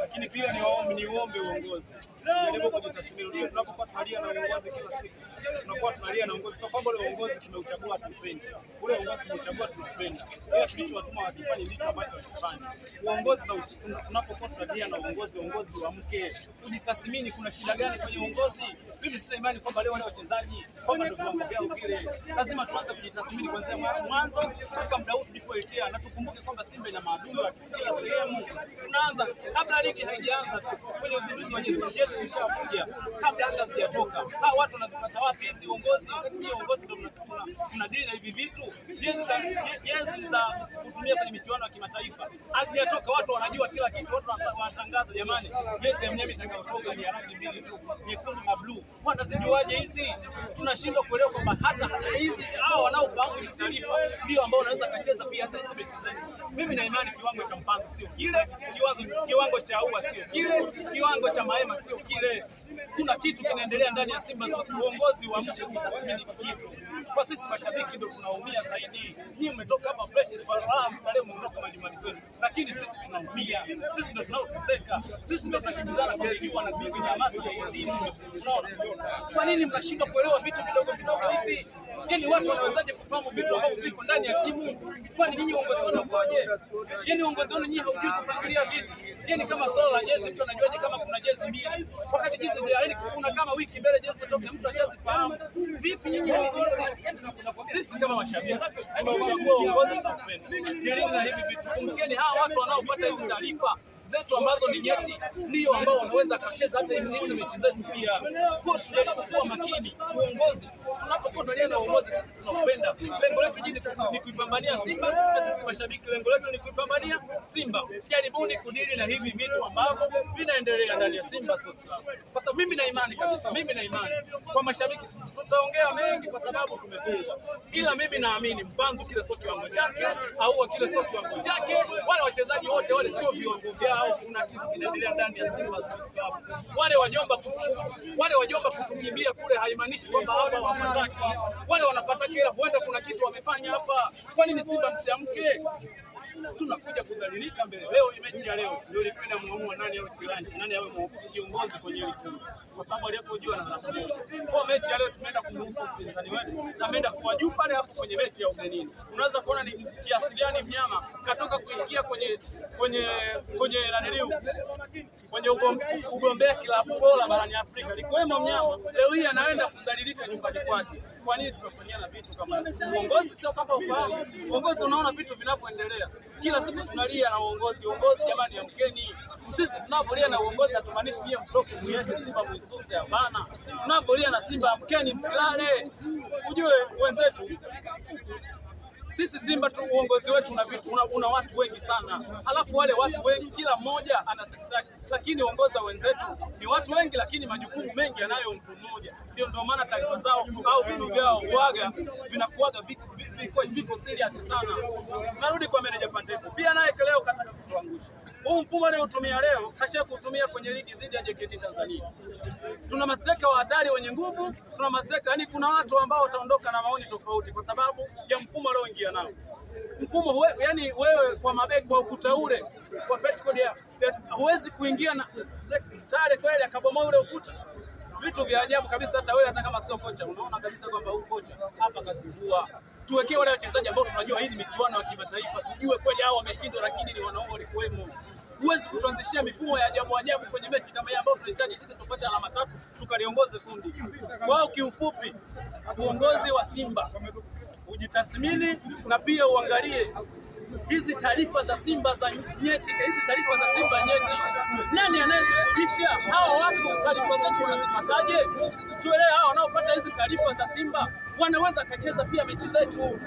lakini pia ni uombe uongozi, jaribu yaani kujitathmini. Tunapokuwa tunalia na uongozi kila siku, tunakuwa tunalia na uongozi, sio kwamba ule uongozi tumeuchagua tuupende, ule uongozi tumeuchagua tuupende, ila tulichowatuma wakifanye ndicho ambacho wakifanya. Uongozi na tunapokuwa tunalia na uongozi, uongozi wa mke, kujitathmini, kuna shida gani kwenye uongozi? Mimi sina imani kwamba leo wale wachezaji kwamba ndio viwango vile, lazima tuanze kujitathmini kuanzia mwanzo mpaka muda huu kutuletea, na tukumbuke kwamba Simba ina maadui wa kila sehemu. Tunaanza kabla ligi haijaanza kwenye uzinduzi wa jezi yetu ishakuja, kabla hata sijatoka. Hawa watu wanazipata wapi hizi uongozi? Hiyo uongozi ndio tunadili na hivi vitu, jezi za za kutumia kwenye michuano ya kimataifa hazijatoka. Watu wanajua kila kitu, watu wanatangaza. Jamani, jezi ya mnyama itakayotoka ni ya rangi mbili tu, nyekundu na bluu. Watazijuaje hizi? Tunashindwa kuelewa kwamba hata hizi hao wanaofahamu hizi taarifa ndio ambao wanaweza kacheza pia mimi na imani kiwango cha mpango sio kile, kiwango kiwango cha ua sio kile, kiwango cha maema sio kile. Kuna kitu kinaendelea ndani ya Simba Sports. Uongozi wa mji unatathmini kitu. Kwa sisi mashabiki ndio tunaumia zaidi. Nyinyi mmetoka hapa fresh, kwa raha, mtarehe mmeondoka majumbani kwenu, lakini sisi tunaumia, sisi ndio tunaoteseka, sisi ndio tunakimbizana kwa ziwa wana bibi na masi ya dini. Kwa nini mnashindwa kuelewa vitu vidogo vidogo hivi? Yaani watu wanawezaje kufahamu vitu ambavyo viko ndani ya timu? Kwani nyinyi uongozi wenu ukoje? Yaani uongozi wenu nyinyi haujui kupangilia vitu. Yaani kama swala la jezi, mtu anajuaje kama kuna jezi mbili wakati jezi yaani kuna kama wiki mbele jezi toke, mtu fahamu. vipi? Nyinyi uongozi, sisi kama mashabiki tunachagua yaani uongozi tunapenda, yaani na hivi vitu kumbukeni, hawa watu wanaopata hizi taarifa zetu ambazo ni nyeti, ndio ambao wanaweza kacheza hata hizi mechi zetu. Pia Kwa tunakuwa makini, uongozi tunapokuwa tunalia na uongozi, sisi tunaupenda. Lengo letu jini ni kuipambania Simba, na sisi mashabiki lengo letu ni kuipambania Simba. Jaribuni kudili na hivi vitu ambavyo vinaendelea ndani ya Simba Sports Club. kwa sababu mimi na imani kabisa, mimi na imani kwa mashabiki tutaongea mengi kwa sababu tumefezwa, ila mimi naamini Mpanzu kile sio kiwango chake, au kile sio kiwango chake, wale wachezaji wote wale sio viwango vyao au kuna kitu kinaendelea ndani ya Simba Sports Club. Wale wajomba wale wajomba kutukimbia kule haimaanishi kwamba hapa wapataki wale wanapata kila, huenda kuna kitu wamefanya hapa. Kwa nini Simba msiamke? Tunakuja kudhalilika mbele leo. ni Mechi ya leo ndio ilipenda muamua nani awe kilanji, nani awe kiongozi kwenye ile timu, kwa sababu aliyepojua na nafasi kwa mechi ya leo tumeenda kumruhusu mpinzani wetu, Tumeenda kuwajua pale hapo kwenye mechi ya ugenini. Unaweza kuona ni kiasi gani mnyama katoka kuingia kwenye kwenye kwenye naniliu kwenye ugombea kilabu bora barani Afrika likiwemo mnyama. Leo hii anaenda kudhalilika nyumbani kwake. Kwa nini tunafanyana vitu kama uongozi? Sio kama ufahamu uongozi, unaona vitu vinavyoendelea kila siku, tunalia na uongozi. Uongozi jamani, ya mgeni sisi tunapolia na uongozi hatumaanishi nyie mtoke muiache Simba mwisuse. Hapana, tunapolia na Simba amkeni, msilale. Ujue wenzetu sisi Simba tu uongozi wetu una vitu, una, una watu wengi sana, halafu wale watu wengi kila mmoja ana lakini uongoza wenzetu ni watu wengi, lakini majukumu mengi yanayo mtu mmoja. Ndio ndio maana taarifa zao au vitu vyao waga vinakuaga viko serious sana. Narudi kwa manager huu mfumo anayotumia leo kashia kutumia kwenye ligi dhidi ya JKT Tanzania. Tuna masteka wa hatari wenye nguvu, tuna masteka yani, kuna watu ambao wataondoka na maoni tofauti kwa sababu ya mfumo alioingia nao mfumo we, yani wewe kwa mabeki wa ukuta ule kwa Petcode huwezi kuingia na tare kweli akabomoa ule ukuta. Vitu vya ajabu kabisa, hata wewe hata kama sio kocha unaona kabisa kwamba huyu kocha hapa kazivua. Tuwekee wale wachezaji ambao tunajua hii ni michuano ya kimataifa, tujue kweli hao wameshindwa, lakini ni wanaume walikuwemo huwezi kutuanzishia mifumo ya ajabu ajabu kwenye mechi kama hii ambayo tunahitaji sisi tupate alama tatu tukaliongoze kundi. Wao kiufupi, uongozi wa Simba ujitathmini na pia uangalie hizi taarifa za Simba za nyeti, hizi taarifa za Simba nyeti, nani anayezifundisha hawa watu? Taarifa zetu wanazipasaje? Tuelewe, hawa wanaopata hizi taarifa za Simba wanaweza kacheza pia mechi zetu.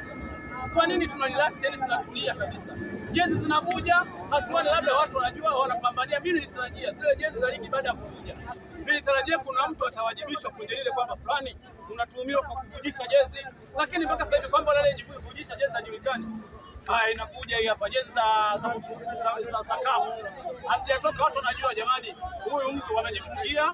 Kwa nini tuna relax, yani tunatulia kabisa? Jezi zinavuja, hatuani labda watu wanajua wanapambania. Mimi nilitarajia zile jezi za ligi baada ya kuvuja, nilitarajia kuna mtu atawajibishwa kwenye lile kwamba fulani unatuhumiwa kwa kuvujisha jezi, lakini mpaka sasa hivi kwamba lale kuvujisha jezi hajulikani. Ah, inakuja hii hapa jezi za za za, za, za, za kafu hazijatoka, watu wanajua, jamani, huyu mtu wanajifungia